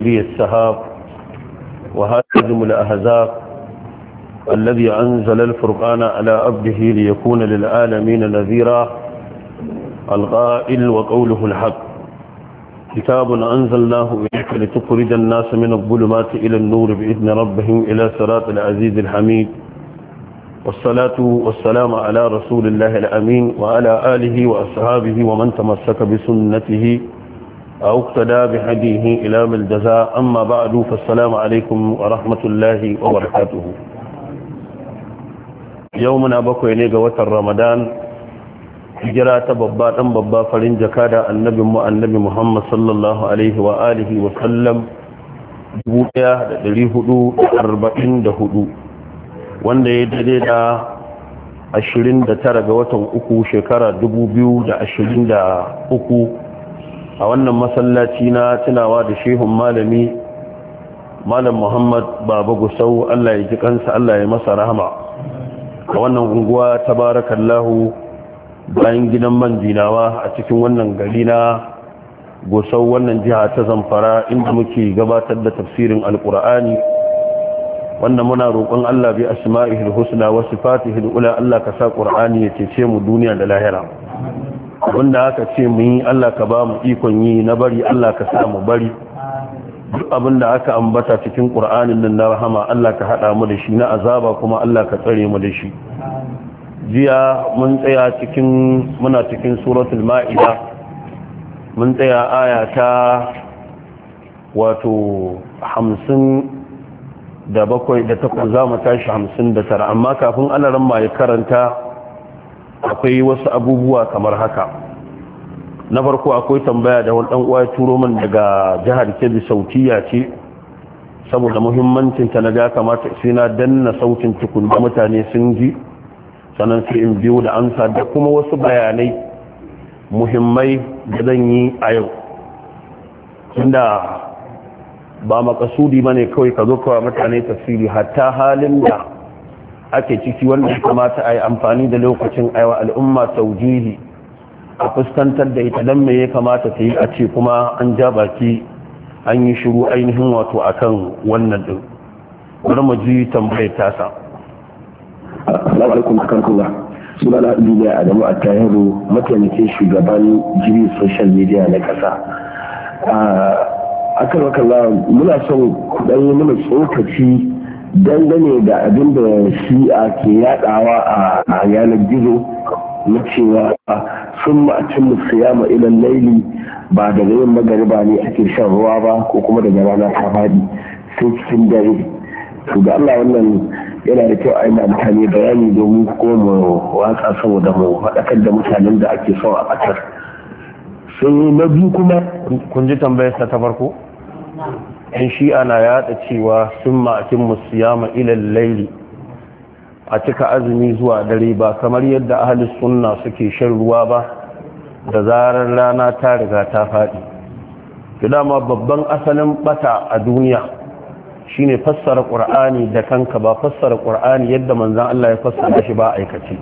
لي السهاب وهازم أهزاق الذي أنزل الفرقان على أبده ليكون للعالمين نذيرا القائل وقوله الحق كتاب أنزلناه إليك لتخرج الناس من الظلمات إلى النور بإذن ربهم إلى صراط العزيز الحميد والصلاة والسلام على رسول الله الأمين وعلى آله وأصحابه ومن تمسك بسنته أو اقتدى بهديه إلى من الجزاء أما بعد فالسلام عليكم ورحمة الله وبركاته يومنا ne ga watan رمضان hijira ta babba dan babba farin jaka da annabin mu annabi Muhammad sallallahu alaihi wa 1444 wanda ya dade da 29 ga watan uku shekara 2023 a wannan masallaci na tunawa da shehun malami malam muhammad baba gusau allah ya ji kansa allah ya masa rahama a wannan unguwa ta barakallahu bayan gidan man jinawa a cikin wannan gari na gusau wannan jiha ta zamfara inda muke gabatar da tafsirin alkur'ani wanda muna roƙon allah bi asma'ihil husna wa sifatihil ula allah ka sa kur'ani ya cece mu duniya da lahira wanda aka ce mu yi Allah ka ba mu ikon yi na bari Allah ka sa mu bari duk abin da aka ambata cikin ƙur'anin nan na rahama Allah ka haɗa mu da shi na azaba kuma Allah ka tsare mu da shi jiya mun tsaya cikin muna cikin suratul ma'ida mun tsaya aya ta wato hamsin da bakwai da takwas za mu tashi hamsin da tara amma kafin alaran ma ya karanta akwai wasu abubuwa kamar haka na farko akwai tambaya da wani uwa ya turo min daga jihar kebbi sautiya ce saboda muhimmancinta na ga kamata sai na danna sautin tukun da mutane sun ji sannan sai in biyo da amsa da kuma wasu bayanai muhimmai da zan yi a yau inda ba makasudi ne kawai ka zo kawai mutane tasiri hatta halin da ake ciki wanda ya kamata a yi amfani da lokacin aiwa al'umma saujihi a fuskantar da ita don me ya kamata ta yi a ce kuma an ja baki an yi shiru ainihin wato a kan wannan din bari mu ji tambayar tasa assalamu alaikum warahmatullah suna na duniya adamu a tayaro mataimakin shugaban jiri social media na kasa a ah, kan wakalla muna son kudan yi mana tsokaci dangane da abin da shi'a ke yadawa a yanar gizo na cewa sun ma'acin musayama ilan laili ba da yin magariba ne ake shan ruwa ba ko kuma daga rana ta faɗi sun cikin dare to da allah wannan yana da kyau a yi mutane bayani domin ko mu watsa saboda mu faɗakar da mutanen da ake son a ƙasar sai na biyu kuma kun ji tambayar ta farko in shi ana yada cewa sun ma'akin musiyama ilal laili a cika azumi zuwa dare ba kamar yadda ahalis sunna suke shan ruwa ba da zarar rana ta riga ta faɗi dama babban asalin bata a duniya shine fassara ƙur'ani da kanka ba fassara ƙur'ani yadda manzon Allah ya fassara shi ba aikace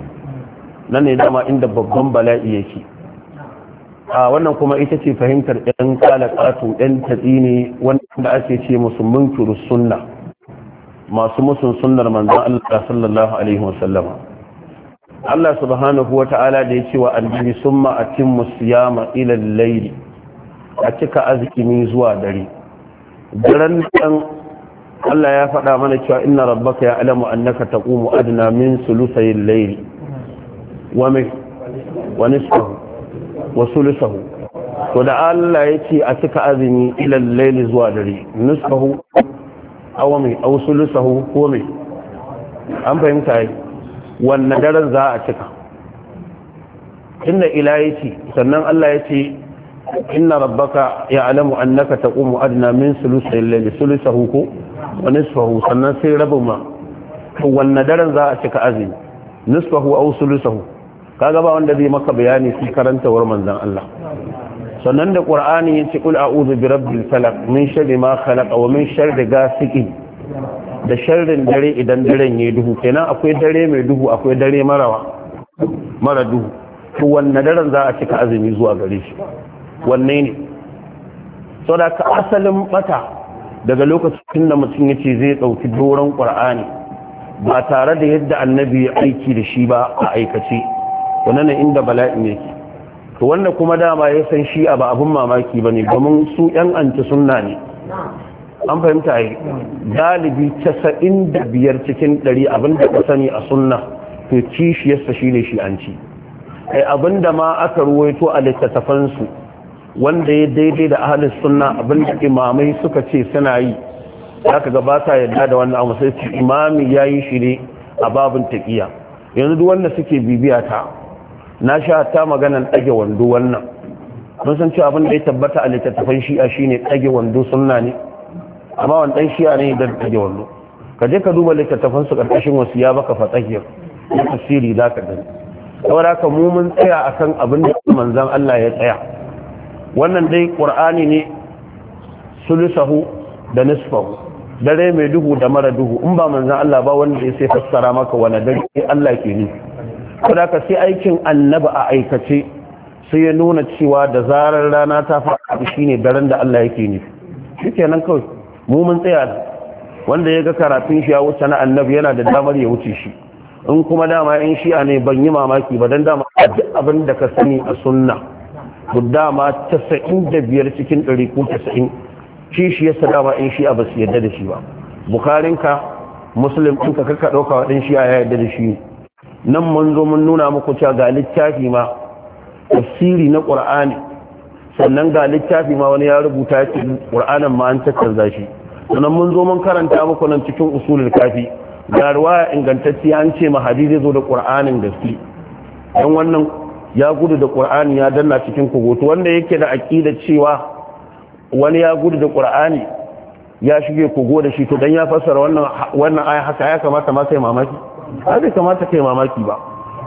nan ne dama inda babban bala'i yake a wannan kuma ita ce fahimtar ɗan kalakatu ɗan tatsi ne wanda ake ce musu munkiru sunna masu musun sunnar manzan Allah sallallahu alaihi wasallama Allah subhanahu wa ta'ala da ya ce wa annabi sun atimmu siyama ila al-layli a cika azkimi zuwa dare daren nan Allah ya faɗa mana cewa inna rabbaka alamu, annaka taqumu adna min sulusayil layli wa min wa nisfahu Wasu lusahu, to da Allah ya ce a cika azumi ila layli zuwa dare nusahu aw mai aw sulusahu ko mai an fahimta ai wanne daren za a cika inna ilayati sannan Allah ya ce inna rabbaka ya'lamu annaka taqumu adna min sulusay layli sulusahu ko wa nisfahu sannan sai rabu ma to wannan daren za a cika azumi nisfahu aw sulusahu kaga ba wanda zai maka bayani shi war manzon Allah sannan da qur'ani yace kul a'udhu bi rabbil falaq min sharri ma khalaq wa min sharri ghasiqin da sharrin dare idan daren yayi duhu kenan akwai dare mai duhu akwai dare marawa mara duhu to wannan daren za a cika azumi zuwa gare shi wanne ne da ka asalin bata daga lokacin da mutum ce zai dauki doron qur'ani ba tare da yadda annabi ya aiki da shi ba a aikace wannan inda balai ne? to wanda kuma dama ya san shi'a ba abun mamaki bane domin su yan anti sunna ne an fahimta yi galibi biyar cikin abin abinda ka sani a sunna to kishiyarsa shine shi an ci ai abinda ma aka ruwaito a littattafansu wanda ya daidai da ahalin sunna abinda imamai suka ce suna yi zaka ga ba sa yadda da wannan amma sai imami yayi shi ne a babin taqiya yanzu duk wanda suke bibiya ta na sha ta maganan ɗage wando wannan Mun san cewa abin da ya tabbata a littattafan shi'a shine ɗage wando suna ne amma wani ɗan shi'a ne don ɗage wando ka je ka duba littattafan su ƙarƙashin wasu ya baka fatsakiyar Ya tasiri za ka gani kawai da mu mun tsaya akan abin da manzan Allah ya tsaya wannan dai qur'ani ne sulusahu da nisfahu dare mai duhu da mara duhu in ba manzan Allah ba wanda ya sai fassara maka wani dare Allah ke nufi ka sai aikin annaba a aikace sai ya nuna cewa da zarar rana ta faɗi shine daren da Allah yake nufi nan kawai mu mun tsaya wanda ya ga karatun shi ya wuce na annabi yana da damar ya wuce shi in kuma dama in shi'a ne ban yi mamaki ba don dama duk abin da ka sani a sunna ku dama tasa'in da biyar cikin ɗari ko tasa'in shi shi yasa dama in shi'a ba su yarda da shi ba bukarinka musulun ɗinka kaka ɗauka waɗin shi'a ya yarda da shi nan mun zo mun nuna muku cewa ga littafi ma tafsiri na qur'ani sannan ga littafi ma wani ya rubuta shi qur'anin ma an tattarza shi sannan mun zo mun karanta muku nan cikin usulul kafi ga ruwaya ingantacce an ce ma hadisi zo da qur'anin gaske dan wannan ya gudu da qur'ani ya danna cikin kogoto wanda yake da aqida cewa wani ya gudu da qur'ani ya shige kogo da shi to dan ya fassara wannan wannan aya haka ya kamata ma sai mamaki har bai kamata kai mamaki ba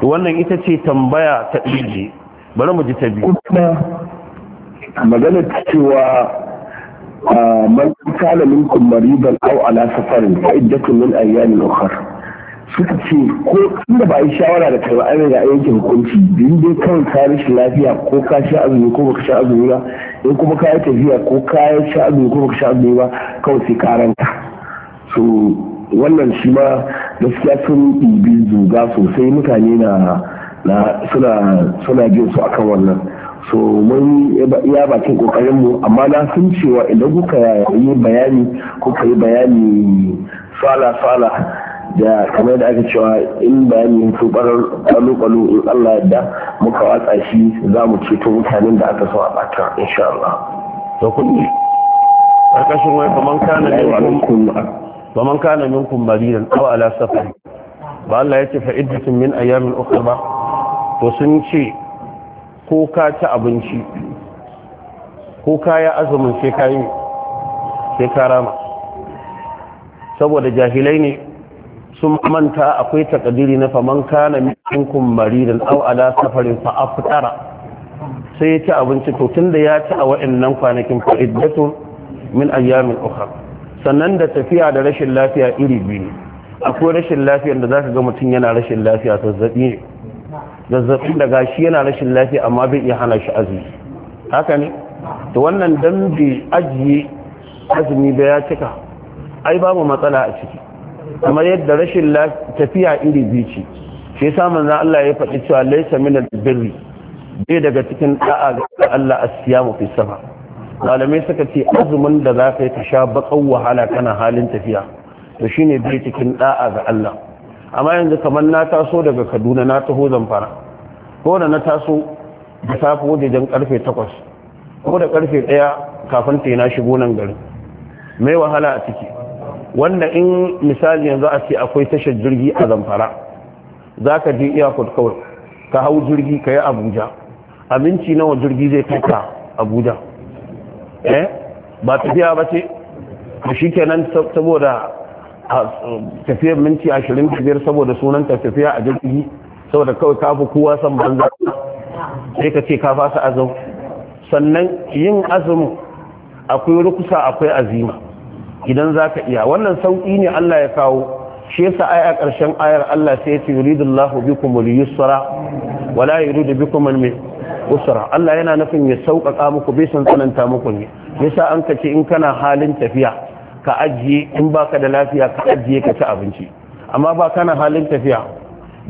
to wannan ita ce tambaya ta ɗije bari mu ji ta biyu magana cewa man kana minkum maridan aw ala safarin ta iddatun min ayyamin ukhra suka ce ko inda ba a yi shawara da kai ba an riga yanke hukunci din dai kawai ka rashin lafiya ko ka sha azumi ko baka sha azumi ba in kuma ka yi tafiya ko ka sha azumi ko baka sha azumi ba kawai sai ka so wannan shi ma gaskiya sun ɗibi zuga sosai mutane na suna jin su akan wannan so mun iya bakin kokarin mu amma na sun cewa idan kuka yi bayani kuka yi bayani sala sala da kamar da aka cewa in bayani su barar kwalo in Allah da muka watsa shi za mu ceto mutanen da aka so a bata insha Da kuɗi. Ƙarƙashin wai kamar kana wa man kana minkum maridan aw ala safari ba Allah yace fa iddatun min ayamin ukhra ba to sun ce ko ka ci abinci ko kaya azumin sai kayi sai rama saboda jahilai ne sun manta akwai takadiri na fa man kana minkum maridan aw ala safarin fa aftara sai ya ci abinci to tunda ya ci a wa'annan kwanakin fa min min ayamin ukhra sannan da tafiya da rashin lafiya iri biyu akwai rashin lafiyar da za ka ga mutum yana rashin lafiya zazzabi ne zazzabin da gashi yana rashin lafiya amma bai iya hana shi azumi haka ne to wannan dan bai ajiye azumi da ya cika ai babu matsala a ciki kamar yadda rashin tafiya iri biyu ce shi yasa na Allah ya faɗi cewa laisa min birri bai daga cikin da'a ga Allah a siyamu fi sama. malamai suka ce azumin da za ka yi ka sha bakan wahala kana halin tafiya to shine bai cikin da'a ga Allah amma yanzu kamar na taso daga Kaduna na taho Zamfara ko da na taso da safe wajejen karfe 8 ko da karfe 1 kafin ta na shigo nan garin mai wahala a ciki wanda in misali yanzu a ce akwai tashar jirgi a Zamfara zaka je airport kawai ka hau jirgi ka yi Abuja abinci nawa jirgi zai kai ka Abuja Eh? ba tafiya ba ce ba shi kenan saboda tafiyar minti ashirin biyar saboda sunan tafiya a jirgi saboda kawai kafa kowa san banza sai ka ce ka fasa azum sannan yin azumi akwai rukusa akwai azima idan za ka iya wannan sauki ne Allah ya kawo shi yasa ai a ƙarshen ayar Allah sai ya ce yuridullahu bikum al-yusra wala yuridu bikum al usra Allah yana nufin ya sauƙaƙa muku bai san tsananta muku ne yasa an ka ce in kana halin tafiya ka ajiye in baka da lafiya ka ajiye ka ci abinci amma ba kana halin tafiya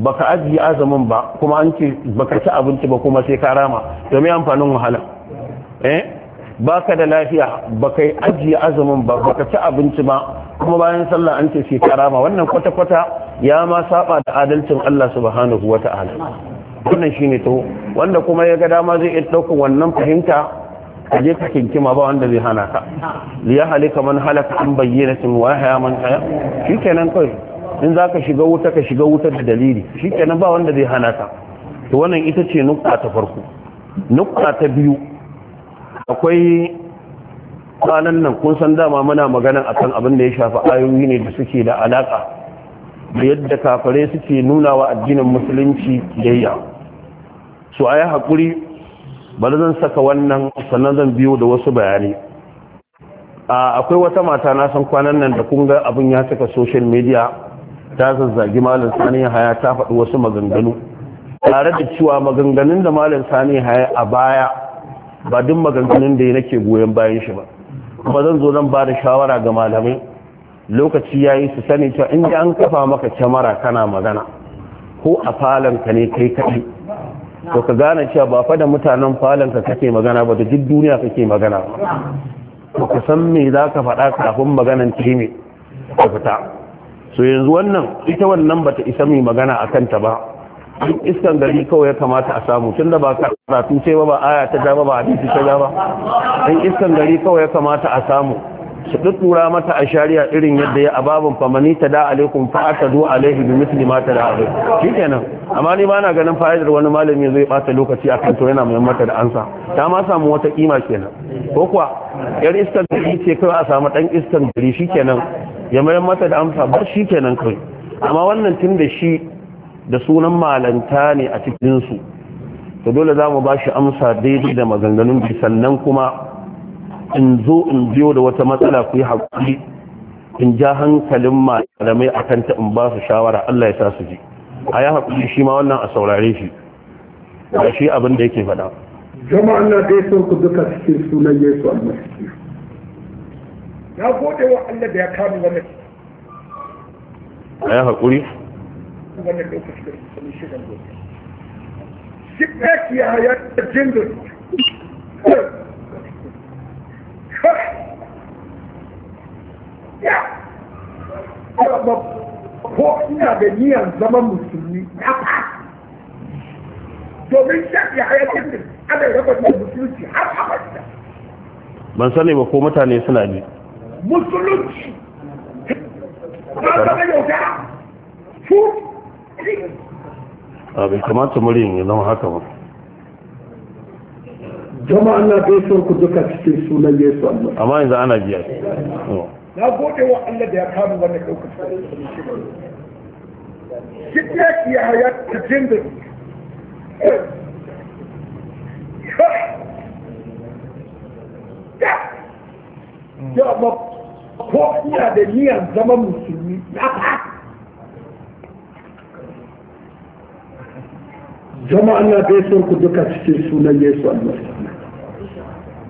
baka ajiye azumin ba kuma an ce baka ci abinci ba kuma sai ka rama domin amfanin wahala eh baka da lafiya baka ajiye azumin ba baka ci abinci ba kuma bayan sallah an ce sai ka rama wannan kwata kwata ya ma saba da adalcin Allah subhanahu wata'ala wannan ne to wanda kuma ya ga dama zai iya ɗaukar wannan fahimta a je ka kinkima ba wanda zai hana ka liya halika man halaka an bayyana sun wahaya man haya kenan kai in za ka shiga wuta ka shiga wuta da dalili Shi kenan ba wanda zai hana ka to wannan ita ce nukta ta farko nukta ta biyu akwai kwanan nan kun san dama muna magana akan abin da ya shafi ayoyi ne da suke da alaka da yadda kafare suke nuna wa addinin musulunci biyayya so a yi haƙuri bari zan saka wannan sannan zan biyo da wasu bayani akwai wata mata na san kwanan nan da kun ga abin ya saka social media ta zazzagi malam sani haya ta faɗi wasu maganganu tare da cewa maganganun da malam sani haya a baya ba duk maganganun da nake goyon bayan shi ba kuma zan zo zan ba da shawara ga malamai lokaci ya yi su sani cewa in an kafa maka kyamara kana magana ko a falon ka ne kai kaɗai to ka gane cewa ba fa da mutanen falanka kake magana ba da duk duniya kake magana ba ka san me za ka faɗa kafin maganan cime ka fita so yanzu wannan ita wannan bata isa mai magana a kanta ba duk iskan gari kawai ya kamata a samu tunda ba karatu sai ba ba aya ta ja ba ba hadisi ta ja ba in iskan gari kawai ya kamata a samu su tattura mata a shari'a irin yadda ya ababin famani ta da alaikum fa ta zo alaihi bi misli ma ta da ke nan. amma ni ba na ganin fa'idar wani malami zai bata lokaci a to yana mai mata da ansa ta ma samu wata kima kenan ko kuwa yar iskan gari ce kawai a samu dan iskan gari nan. ya mayar mata da amsa ba shi nan kai amma wannan tun da shi da sunan malanta ne a cikinsu. su to dole za mu ba shi amsa daidai da maganganun bi sannan kuma in zo in biyo da wata matsala ku yi haƙuri in ja hankalin malamai a kanta in ba su shawara Allah ya sa su ji a ya haƙuri shi ma wannan a saurare shi ba shi abin da yake faɗa jama'an na dai son ku duka cikin sunan Yesu almasihu na gode wa Allah da ya kama wani a ya haƙuri wannan lokacin da sun shiga gobe shi ya ya jindu ko ina da niyan zama musulmi haka domin shafi haya da ana raba da musulunci har abada ban sani ba ko mutane suna ji musulunci ba yau da su abin ah, kamata muryin ya zama haka ba jama Allah bai son ku duka cikin sunan Yesu Allah amma yanzu ana biya na gode wa Allah da ya kama wannan daukar Kitne ki hayat kıcındır. Ya ama ko ina da niyan zama musulmi na Jama'an na bai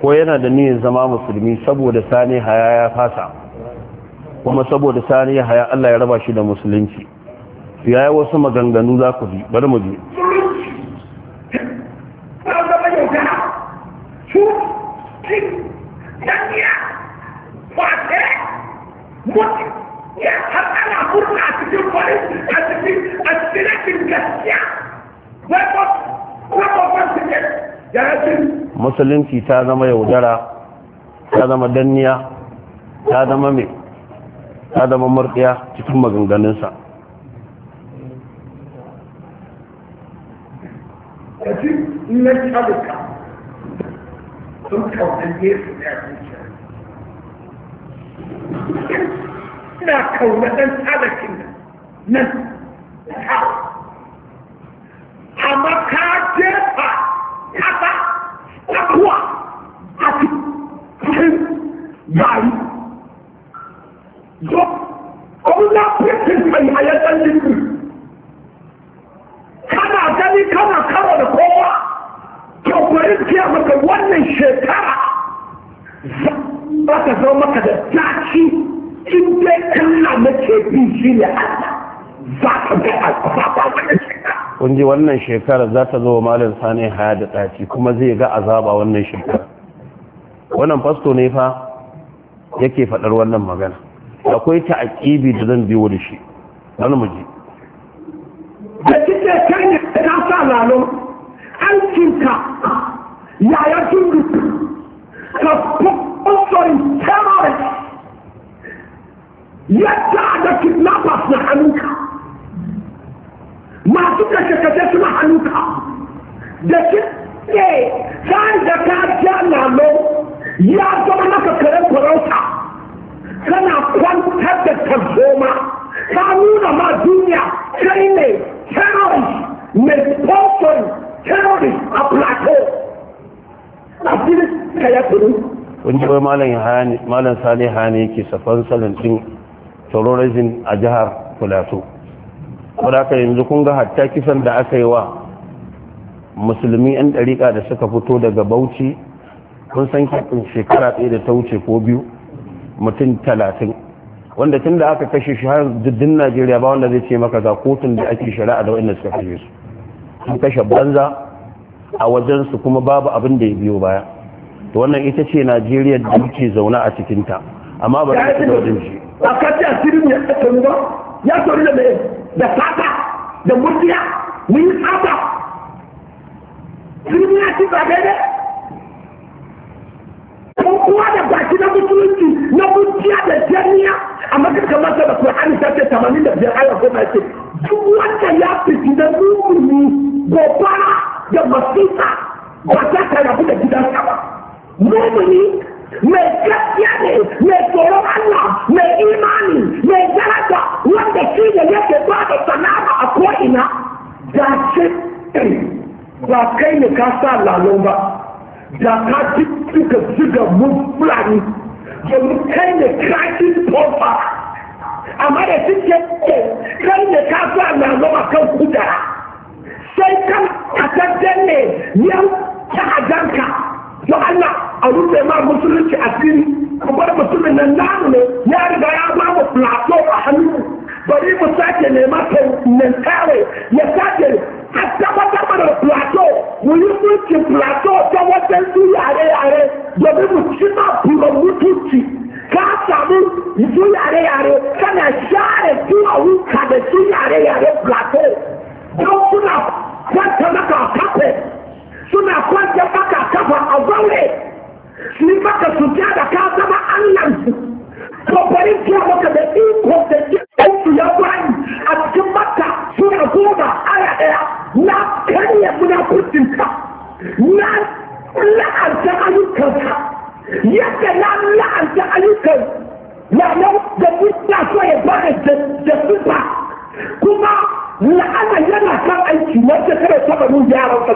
ko yana da niyyar zama musulmi saboda sani haya ya fasa kuma saboda sani haya Allah ya raba shi da musulunci ya yi wasu maganganu za ku ji bari mu ji Yeah, that's it. a cikin a cikin gaskiya wai ne ya musulunci ta zama yaudara ta zama danniya ta zama mai ta zama murɗiya cikin maganganunsa na kaunatan talakin nan nan amma ka jefa ka ba takwa ati fahim gari zo ọmọdé pẹ̀sẹ̀ mai ayatan liki kana gani kana karo da kowa to bari kiya maka wannan shekara za ka zama maka da taki in dai na ke bi shi ne Allah za wannan shekara kun wannan za ta zo malin sani haya da tsaki kuma zai ga azaba wannan shekarar. wannan fasto ne fa yake faɗar wannan magana akwai ta ƙibi da zan biyo da shi wani mu da kike kai ne ta sa lalo an cinka yaya tundu ka sponsorin terrorist yadda da kidnappers na hannunka masu kashe-kashe suna ka da shi ne sa'an da ka ja lalo ya zama maka karen farauta kana kwantar da tarzoma ka nuna ma duniya kai ne terrorist mai sponsor terrorist a plateau a fili ka ya turu kungiyar malam salihani ke safan salantin terrorism a jihar plateau wadaka yanzu kun ga hatta kisan da aka yi wa musulmi 'yan ɗariƙa da suka fito daga bauchi kun san shekara ɗaya da ta wuce ko biyu mutum talatin wanda tun da aka kashe shi har duddin najeriya ba wanda zai ce maka ga kotun da ake shari'a da wanda suka kashe su sun kashe banza a wajensu kuma babu abin da ya biyo baya to wannan ita ce najeriya da muke zaune a cikinta amma ba za ta da wajen shi a asirin ya ba ya tori da mai da fata da murtiya mun yi tsata sun yi ci ba daidai ko kuwa da baki na musulunci na murtiya da jamiya a makarka kamar da Qur'ani ta ce biyar ayar ko ta ce duk wanda ya fiti da mumuni gobara da ta, ba ta rabu da gidansa ba mumuni mai gaskiya ne mai tsoron Allah mai imani mai daraja wanda shi ne yake ba da sana'a a ko'ina da ce ba kai ne ka sa lalon da ka duka ziga mun fulani domin kai ne krakin tofa amma da suke kai ne ka sa lalon a kan kudara sai kan kasar ne yan ta'adanka don Allah a rufe ma musulunci asiri ku bar musulmin nan namu ne ya riga ya ba mu plato a hannu bari mu sake nema nan kare ya sake a tabbatar mana da plato mu yi mulkin plato ta wajen su yare yare domin mu ci ma buron mutunci ka samu su yare yare kana share duwawu ka da su yare yare plato don kuna kwanta maka kafe suna kwanta baka kafa a zaure ni baka cuta da ka zama allansu kokarin kiya maka da iko da jikinsu ya bayi a cikin maka suna goma aya ɗaya na karya munafurcinka na la'anta ayyukanka yadda na la'anta ayyukan na nan da mutane so ya bada da zuba kuma ana yana kan aiki na shekara taba nun yaran sa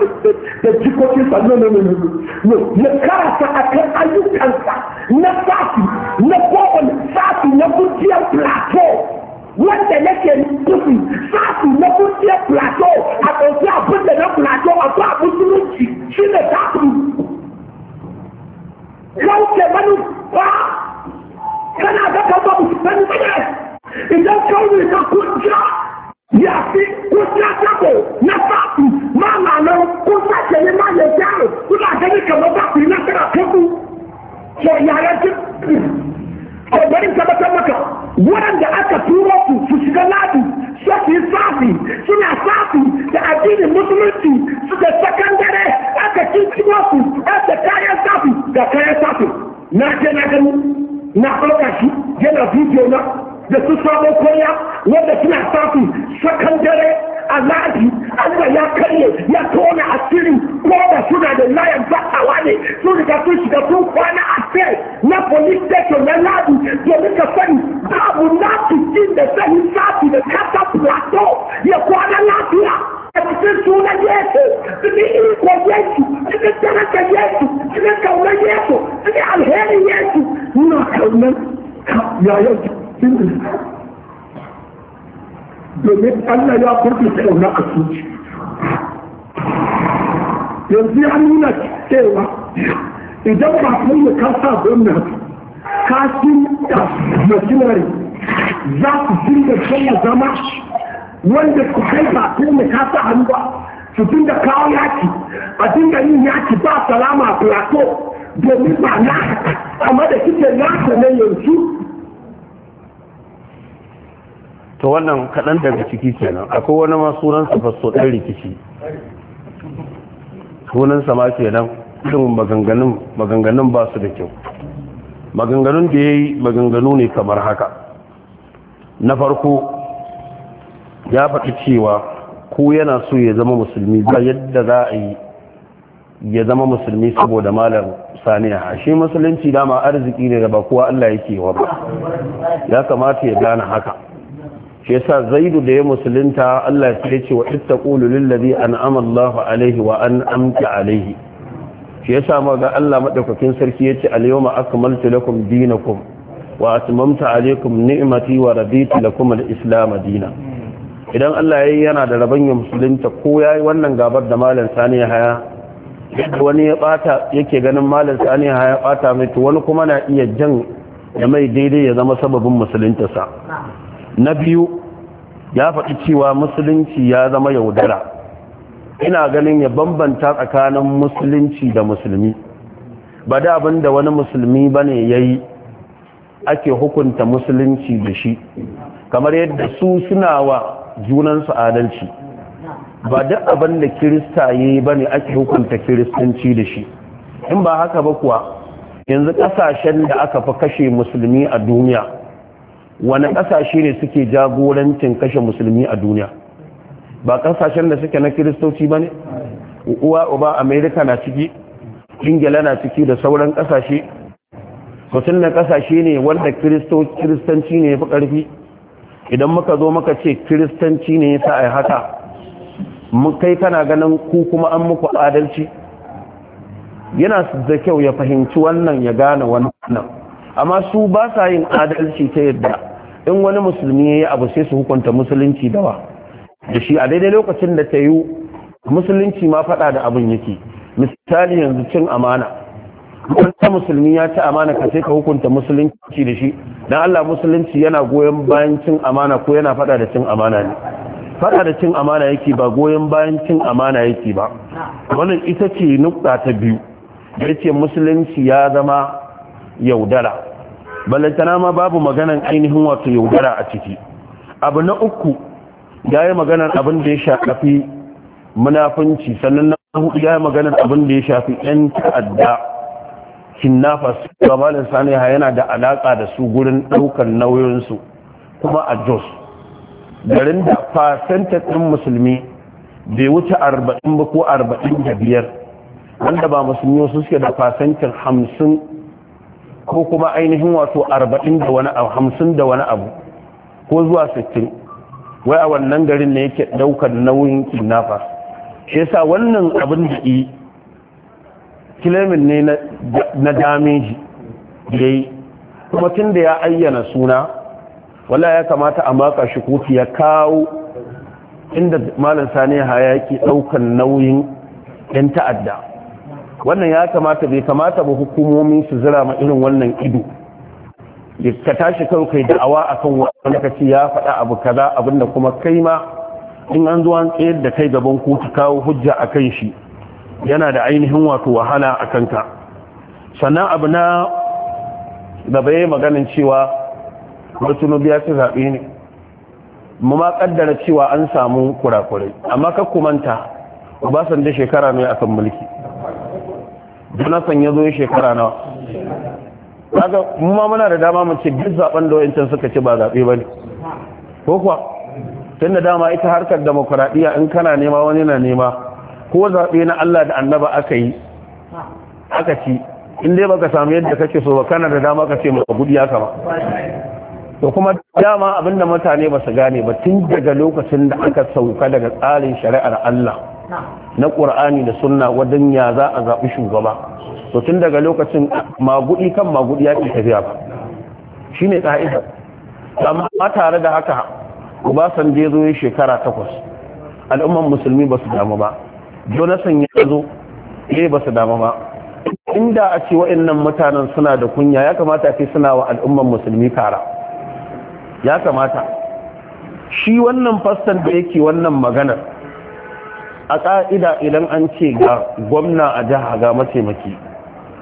da jikokin sa Na no no no na karasa a kan ayyukansa na sati na kowane sati na kujiyar plateau wanda yake nufi sati na kujiyar plateau a ɗauki abin da na plateau a ba musulunci shi ne sasu kauce manu ba kana ga kan ba musulunci ìdájọ́ ìjọ kúnjá yàtí kúnjá sẹ́kọ̀ nẹ́fàtì máa nà lọ kó sẹ́kẹ̀ ní máa yẹ jáàrò tó bá jẹ́ ní kẹ̀mọ́ bá pè ní ẹ̀kẹ́rà kẹ́kù sọ yàrá tí ọ̀gbẹ́ni sẹ́kẹ́tẹ́ mọ́kà wọ́n da aka turo su su shiga ladi shafi safi suna safi da addinin musulunci suka sakandare aka cincino su aka kayan safi da kayan safi na je na gani na ɗauka shi yana bidiyo na da su samo koya wanda suna samun sakan dare a lafi Allah ya karye ya tona asiri ko da suna da layan bakawa ne sun riga sun shiga sun kwana a sai na police station na labi domin ka sani babu nafikin da sani safi da kasa plateau ya kwana lafiya a cikin sunan Yesu, cikin iko Yesu, cikin tarata Yesu, cikin kaunar Yesu, cikin alherin Yesu, ina kaunar yayan domin Allah ya yanzu ya nuna cewa idan ba kai ka sa gwamnati ka shirya machinery za ku dinga sanya zama wanda ku kai ba kai ne ka sa hannu ba su dinga kawo yaki a dinga yin yaki ba salama plateau domin ba na amma da kike nasa ne yanzu to wannan kaɗan daga ciki kenan akwai wani ma sunansa fasto ɗan rikici sunansa ma kenan irin maganganun maganganun ba su da kyau maganganun da ya yi maganganu ne kamar haka na farko ya faɗi cewa ko yana so ya zama musulmi ba yadda za a yi ya zama musulmi saboda malar saniya shi musulunci dama arziki ne da ba kowa Allah yake wa ba ya kamata ya gane haka shi yasa zaidu da ya musulunta Allah ya ce wa ittaqulu lillazi an'ama Allahu alaihi wa an'amta alaihi shi yasa ma ga Allah madaukakin sarki yace al-yawma akmaltu lakum dinakum wa atmamtu alaykum ni'mati wa raditu lakum al-islam dina idan Allah yayi yana da rabon ya musulunta ko yayi wannan gabar da malam sani haya wani ya bata yake ganin malam sani haya bata mai to wani kuma na iya jan ya mai daidai ya zama sababin musulunta sa na biyu ya faɗi cewa musulunci ya zama yaudara ina ganin ya bambanta tsakanin musulunci da musulmi ba da abin da wani musulmi ba ne ya yi ake hukunta musulunci da shi kamar yadda su suna wa junansu adalci ba duk abin da kirista ya yi ba ne ake hukunta kiristanci da shi in ba haka ba kuwa yanzu ƙasashen da aka fi kashe musulmi a duniya wani ƙasashe ne suke jagorancin kashe musulmi a duniya ba ƙasashen da suke na kiristoci ba ne uwa uba amerika na ciki ingila na ciki da sauran ƙasashe mutum na ƙasashe ne wanda kiristanci ne ya fi ƙarfi idan muka zo muka ce kiristanci ne ya sa a haka kai kana ganin ku kuma an muku adalci yana da kyau ya fahimci wannan ya gane wannan amma su ba sa yin adalci ta yadda in wani musulmi ya yi abu sai su hukunta musulunci dawa da shi a daidai lokacin da ta yi musulunci ma fada da abin yake misali yanzu cin amana wanda musulmi ya ci amana ka sai ka hukunta musulunci da shi dan Allah musulunci yana goyon bayan cin amana ko yana fada da cin amana ne fada da cin amana yake ba goyon bayan cin amana yake ba wannan ita ce nukta ta biyu da yake musulunci ya zama yaudara ballantana ma babu maganan ainihin wato yaudara a ciki abu na uku ya yi maganar abin da ya shafi munafunci sannan na hudu ya yi maganar abin da ya shafi 'yan ta'adda kinnafas gabanin saniya yana da alaka da su gurin ɗaukar nauyinsu kuma a jos garin da fasanta ɗin musulmi bai wuce arba'in ba ko arba'in da biyar wanda ba musulmi wasu suke da fasantin hamsin ko kuma ainihin wato arba'in da wani abu hamsin da wani abu ko zuwa sittin wai a wannan garin ne yake ɗaukar nauyin kidnapper shi yasa wannan abin da yi kilimin ne na damiji da yi kuma tun da ya ayyana suna wala ya kamata a maka shi kotu ya kawo inda malam sani ya hayaki ɗaukar nauyin 'yan ta'adda wannan ya kamata bai kamata ba hukumomi su zira ma irin wannan ido ka tashi kawai kai da'awa akan wani kaci ya faɗa abu kaza abinda kuma kai ma in an zuwa tsayar da kai gaban kotu kawo hujja a kan shi yana da ainihin wato wahala a kanka sannan abu na da bai maganin cewa mutunubi ya ci zaɓe ne mu ma kaddara cewa an samu kurakurai amma ka manta obasan da shekara ne akan mulki jonathan ya zo shekara nawa kaga mu ma muna da dama mu ce duk zaben da wayancan suka ci ba zabe ne? ko kuwa da dama ita harkar demokradiya in kana nema wani na nema ko zabe na Allah da annaba aka yi aka ci in dai baka samu yadda kake so ba kana da dama ka ce mu gudu ya ba to kuma dama abinda mutane ba su gane ba tun daga lokacin da aka sauka daga tsarin shari'ar Allah na ƙur'ani da suna wajen ya za a zaɓi shugaba to tun daga lokacin magudi kan magudi ya ke tafiya ba shi ne ƙa'ida amma tare da haka ubasan je zo shekara takwas al'umman musulmi ba su damu ba jonathan ya zo ne ba su damu ba inda a ce wa'annan mutanen suna da kunya ya kamata a suna wa al'umman musulmi kara ya kamata shi wannan fastan da yake wannan maganar a ƙa'ida idan an ce ga gwamna a jiha ga mataimaki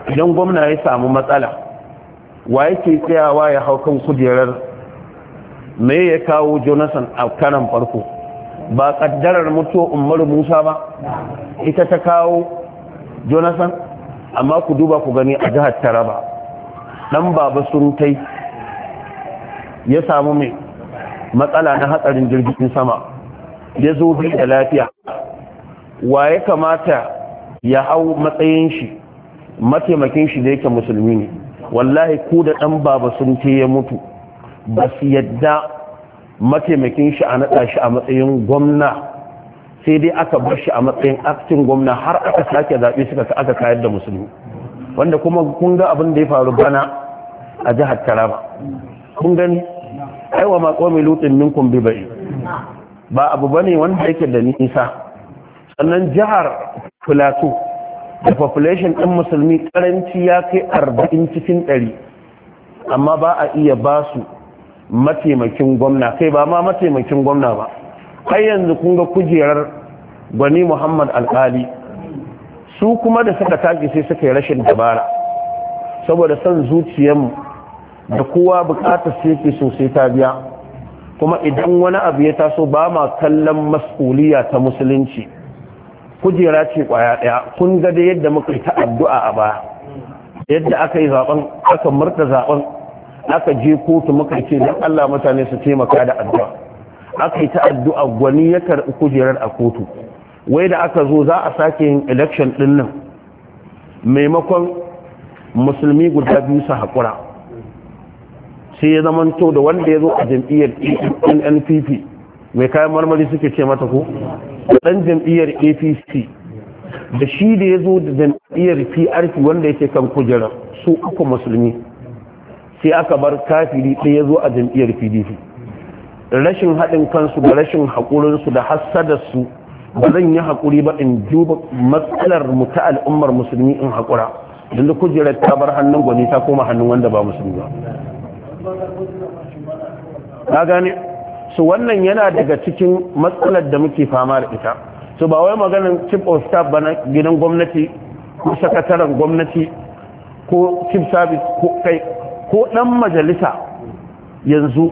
idan gwamna ya samu matsala wa yake tsayawa ya hau kan kujerar me ya kawo jonathan a karan farko ba ƙaddarar mutuwar Umar musa ba ita ta kawo jonathan amma ku duba ku gani a jihar taraba ɗan baba sun tai ya samu mai matsala na hatsarin jirgin sama ya zo biyu da lafiya wa ya kamata ya hau matsayin shi mataimakin shi da yake musulmi ne wallahi ku da ɗan baba sun ce ya mutu ba su yadda mataimakin shi a naɗa shi a matsayin gwamna sai dai aka bar shi a matsayin aktin gwamna har aka sake zaɓe suka aka kayar da musulmi wanda kuma kun ga abin da ya faru bana a jihar taraba kun gani aiwa ma ƙomi lutin minkum bi ba abu bane wanda yake da nisa sannan jihar filato da population ɗin musulmi ƙaranci ya kai arba'in cikin ɗari amma ba a iya ba su mataimakin gwamna kai ba ma mataimakin gwamna ba har yanzu kun ga kujerar gwani muhammad alƙali su kuma da suka tafi sai suka yi rashin dabara saboda son zuciyarmu da kowa bukatar sai sosai ta biya kuma idan wani abu ya taso ba ma kallon mas'uliya ta musulunci kujera ce kwaya daya kun ga da yadda muka ta addu'a a baya yadda aka yi zaben aka murta zaben aka je kotu muka ce dan Allah mutane su taimaka da addu'a aka yi ta addu'a gwani ya karbi kujerar a kotu wai da aka zo za a sake yin election din nan maimakon musulmi guda biyu su haƙura sai ya to da wanda ya zo a jam'iyyar nnpp mai kayan marmari suke ce mata ko da ɗan jam'iyyar apc da shi da ya zo da jam'iyyar prp wanda yake kan kujera su uku musulmi sai aka bar kafiri ya zo a jam'iyyar pdp rashin haɗin kansu da rashin haƙurinsu da hassadarsu ba zan yi haƙuri ba in duba matsalar mu ta al'ummar musulmi in haƙura don da kujerar ta bar hannun gwani ta koma hannun wanda ba musulmi ba Su wannan yana daga cikin matsalar da muke fama da ita su ba wai maganin chief of staff ba na gidan gwamnati ko sakataren gwamnati ko chief service ko kai ko dan majalisa yanzu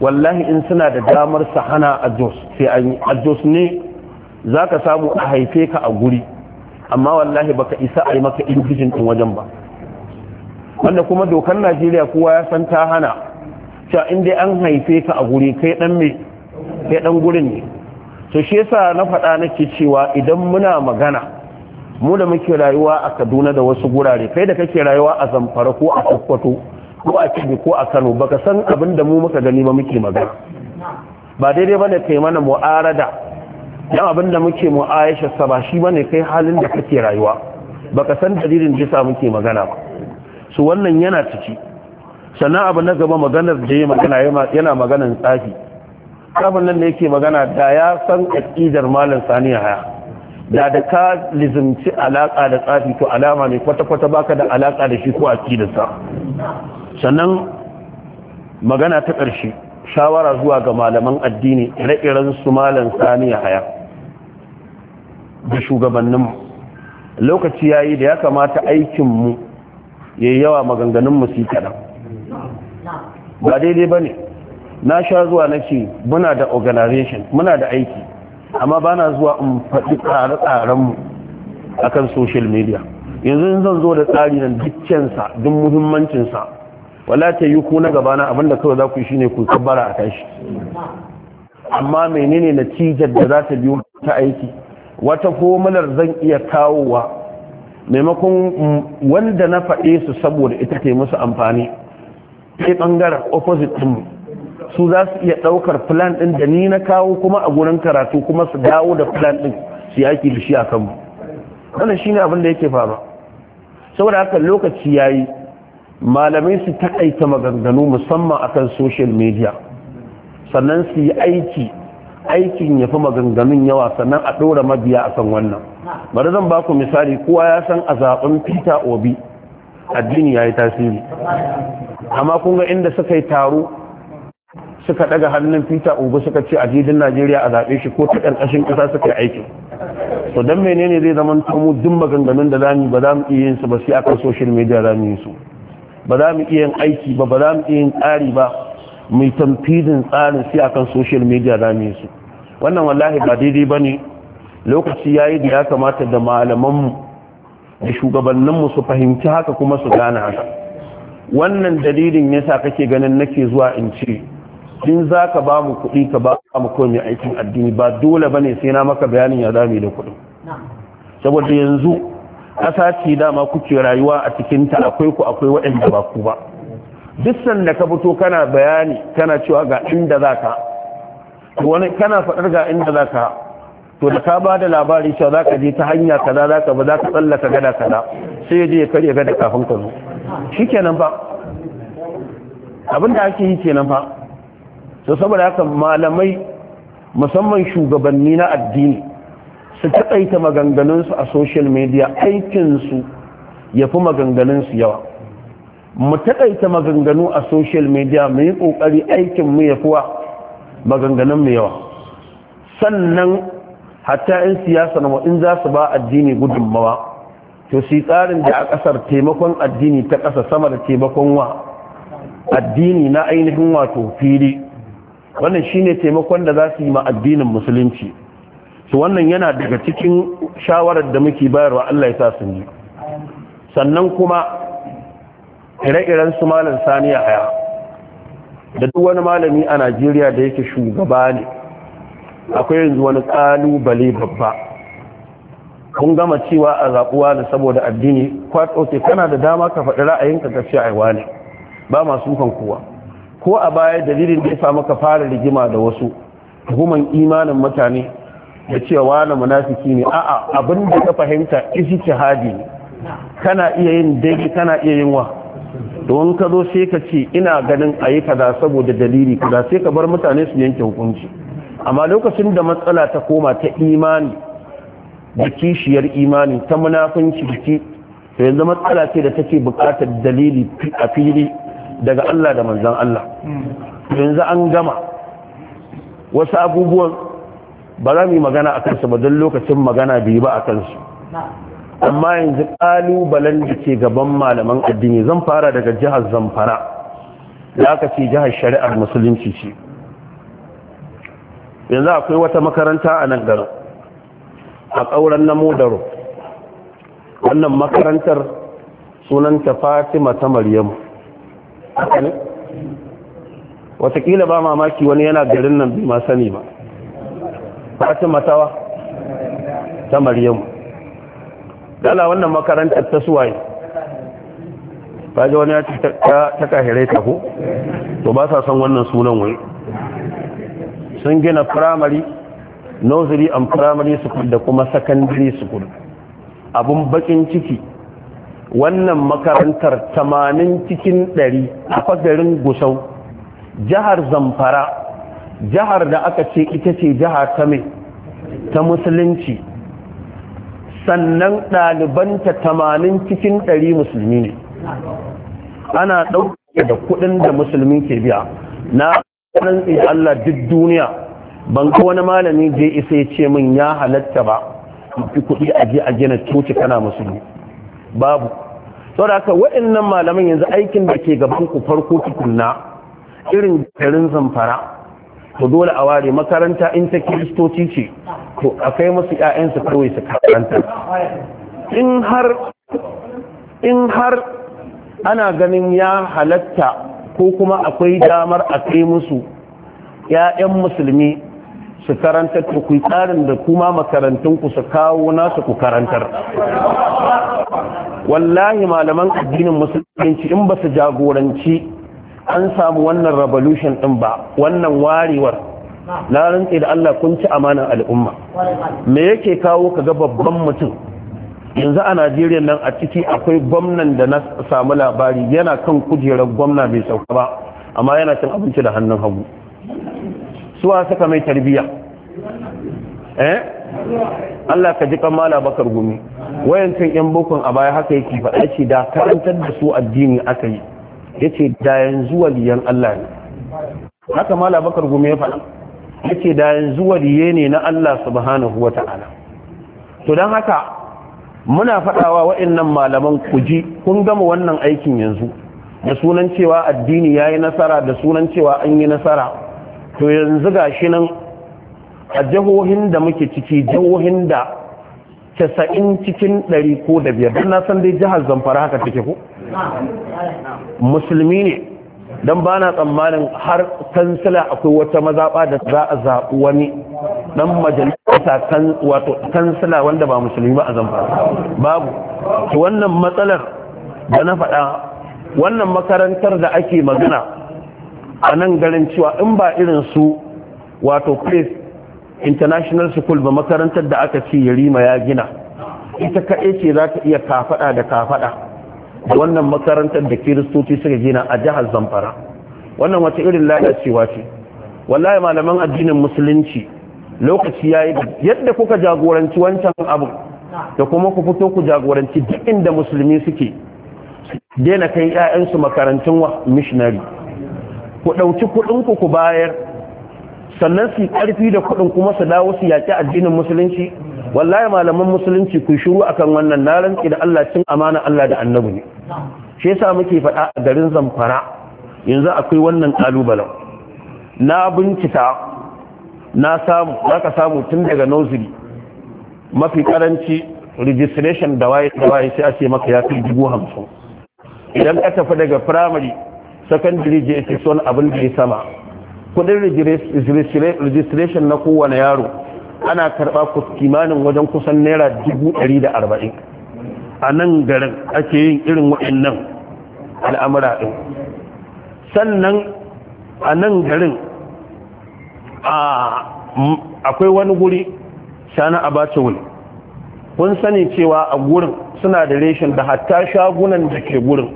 wallahi in suna da damar su hana Jos sai an yi Jos ne za ka samu a haife ka a guri amma wallahi baka isa a yi maka injijin din wajen ba wanda kuma dokar najeriya kowa ya san ta hana cewa in dai an haife ka a guri kai dan me kai dan gurin ne to shi yasa na faɗa nake cewa idan muna magana mu da muke rayuwa a Kaduna da wasu gurare kai da kake rayuwa a Zamfara ko a Sokoto ko a Kebbi ko a Kano baka san abin da mu muka gani ba muke magana ba daidai bane kai mana mu'arada dan abin da muke mu sa ba shi bane kai halin da kake rayuwa baka san dalilin da yasa muke magana ba su wannan yana ciki sannan abu na gaba maganar da ya magana yana maganar tsafi kafin nan da yake magana da ya san aƙidar malam saniya haya da da ka lizimci alaƙa da tsafi ko alama ne kwata-kwata baka da alaƙa da shi ko aƙidarsa sannan magana ta ƙarshe shawara zuwa ga malaman addini ire-iren su malam saniya haya da shugabanninmu lokaci yayi da ya kamata aikinmu ya yi yawa maganganunmu su kaɗan ba daidai ba ne na sha zuwa na ce muna da organization muna da aiki amma ba na zuwa in faɗi tsare-tsarenmu a kan social media yanzu zan zo da tsari nan dukkansa duk muhimmancinsa wala ta yi ku na gabana abinda kawai za ku shi ne ku tabbara a tashi amma menene natijar da za ta biyo ta aiki wata fomular zan iya kawowa maimakon wanda na faɗe su saboda ita ke musu amfani sai bangaren opposite din su za su iya ɗaukar plan ɗin da ni na kawo kuma a gurin karatu kuma su dawo da plan ɗin su yaki da shi a kanmu wannan shine abin da yake faruwa saboda haka lokaci yayi malamai su takaita maganganu musamman akan social media sannan su yi aiki aikin ya fi maganganun yawa sannan a ɗora mabiya a kan wannan bari zan baku misali kowa ya san a zaɓen peter obi addini ya yi tasiri amma kun ga inda suka yi taro suka daga hannun peter ubu suka ce ajidin najeriya a zaɓe shi ko ta ƙarƙashin ƙasa suka yi aiki to don menene zai zama mu duk maganganun da mu ba za mu iya yin su ba sai akan social media za mu yi su ba za mu iya yin aiki ba ba za mu iya yin tsari ba mai tamfidin tsarin sai akan social media za mu yi su wannan wallahi ba daidai ba ne lokaci ya yi da ya kamata da malamanmu da shugabanninmu su fahimci haka kuma su gane haka wannan dalilin ne sa kake ganin nake zuwa in ce in za ka ba mu kuɗi ka ba mu kawai mai aikin addini ba dole ba ne sai na maka bayanin ya zami da kuɗi saboda yanzu ƙasa ce dama kuke rayuwa a cikinta akwai ku akwai waɗanda ba ku ba duk sanda ka fito kana bayani kana cewa ga inda za ka wani kana faɗar ga inda za ka to da ka ba da labari cewa za ka je ta hanya kaza za ka ba za ka tsallaka gada kaza sai je ya karya gada kafin ka zo shi kenan fa abin da ake yi kenan fa to saboda haka malamai musamman shugabanni na addini su taƙaita maganganunsu a social media aikinsu ya fi maganganunsu yawa mu taƙaita maganganu a social media mu yi ƙoƙari aikinmu ya fi wa maganganunmu yawa sannan hatta in siyasa na in za su ba addini gudunmawa to shi tsarin da a kasar taimakon addini ta kasa sama da taimakon wa addini na ainihin wato fili wannan shine taimakon da za su yi ma addinin musulunci su wannan yana daga cikin shawarar da muke bayarwa Allah ya sa sun yi. sannan kuma ire-iren su malam saniya haya da duk wani malami a Najeriya da yake shugaba ne akwai yanzu wani kalubale babba kun gama cewa a zaɓuwa da saboda addini kwat ok kana da dama ka faɗi ra'ayinka ka ce aiwa ne ba masu kan kowa ko a baya dalilin da ya sa maka fara rigima da wasu tuhuman imanin mutane da cewa wani munafiki ne a'a abin da ka fahimta isi jihadi ne kana iya yin daidai kana iya yin wa don ka zo sai ka ce ina ganin a yi kaza saboda dalili kaza sai ka bar mutane su yanke hukunci amma lokacin da matsala ta koma ta imani da kishiyar imani ta munafunci jiki to yanzu matsala ce da take buƙatar dalili a fili daga Allah da manzan Allah yanzu an gama wasu abubuwan ba za mu yi magana a kansu ba don lokacin magana bai ba a kansu amma yanzu ƙalubalen da ke gaban malaman addini zan fara daga jihar zamfara da aka ce jihar shari'ar musulunci ce yanzu akwai wata makaranta a nan garin a ƙauren na modaro wannan makarantar sunanta fatima ta maryamu watakila ba mamaki wani yana garin nan bi ma sani ba fatima tawa ta maryamu dala wannan makarantar ta suwaye ba wani ya ta kahirai ta ko to ba sa son wannan sunan wai sun gina firamare nursery and primary school da kuma secondary school abun bakin ciki wannan makarantar 80 cikin 100 a fagarin gusau jihar zamfara jihar da aka ce ita ce jihar ta mai ta musulunci sannan ɗalibanta 80 cikin 100 musulmi ne ana ɗauke da kuɗin da musulmi ke biya na rantsi Allah duk duniya ban ga wani malami da isa ya ce min ya halatta ba fi kuɗi a je a gina coci kana musu babu da haka waɗannan malaman yanzu aikin da ke gaban ku farko tukunna irin garin zamfara to dole a ware makaranta in ta kiristoci ce to kai musu ƴaƴansu kawai su karanta har in har ana ganin ya halatta ko kuma akwai damar a kai musu 'ya'yan musulmi su karanta ku tsarin da kuma makarantun ku su kawo nasu ku karantar wallahi malaman addinin musulunci in ba su jagoranci an samu wannan revolution ɗin ba wannan warewar na rantse da Allah kun ci amanan al'umma me yake kawo ka ga babban mutum yanzu a najeriya nan a ciki akwai gwamnan da na samu labari yana kan kujerar gwamna bai sauka ba amma yana cin abinci da hannun hagu suwa suka mai tarbiyya eh Allah ka ji kamala bakar gumi wayancin yan bukun a baya haka yake faɗa ce da karantar da su addini aka yi Ya ce da yanzu waliyan Allah ne haka mala bakar gumi ya faɗa Ya ce da yanzu waliye ne na Allah subhanahu wata'ala to don haka muna faɗawa waɗannan malaman ku ji kun gama wannan aikin yanzu da sunan cewa addini ya yi nasara da sunan cewa an yi nasara to yanzu ga shi nan a jihohin da muke ciki jihohin da casa'in cikin ɗari ko da biyar don na san dai jihar zamfara haka take ko musulmi ne don ba na tsammanin har kansila akwai wata mazaɓa da za a zaɓi wani dan majalisa kan wato kansila wanda ba musulmi ba a zamfara babu to wannan matsalar da na faɗa wannan makarantar da ake magana a nan garin cewa in ba irin su wato place international school ba makarantar da aka ce yarima ya gina ita kaɗai ce za ta iya kafaɗa da kafaɗa wannan makarantar da kiristoci suka gina a jihar zamfara wannan wata irin lalacewa ce wallahi malaman addinin musulunci lokaci ya yayi yadda kuka jagoranci wancan abu da kuma ku fito ku jagoranci duk inda musulmi suke daina kai 'ya'yansu makarantun wa? missionary ku ɗauki kuɗinku ku bayar sannan su ƙarfi da kuɗin kuma su dawo su yaƙi addinin musulunci wallahi malaman musulunci ku shiru akan wannan na rantsi da Allah cin amana Allah da annabi ne shi yasa muke faɗa a garin Zamfara yanzu akwai wannan ƙalubalen. na bincika na samu za ka samu tun daga nursery mafi karanci registration da waye waye sai a ce maka ya fi dubu hamsin idan ka tafi daga primary secondary je ce son abin da ya sama kudin registration na kowane yaro ana karba kimanin wajen kusan naira dubu ɗari da arba'in a nan garin ake yin irin waɗannan al'amura ɗin sannan a nan garin akwai wani guri shana a bacewul kun sani cewa a gurin suna da reshen da hatta shagunan da ke gurin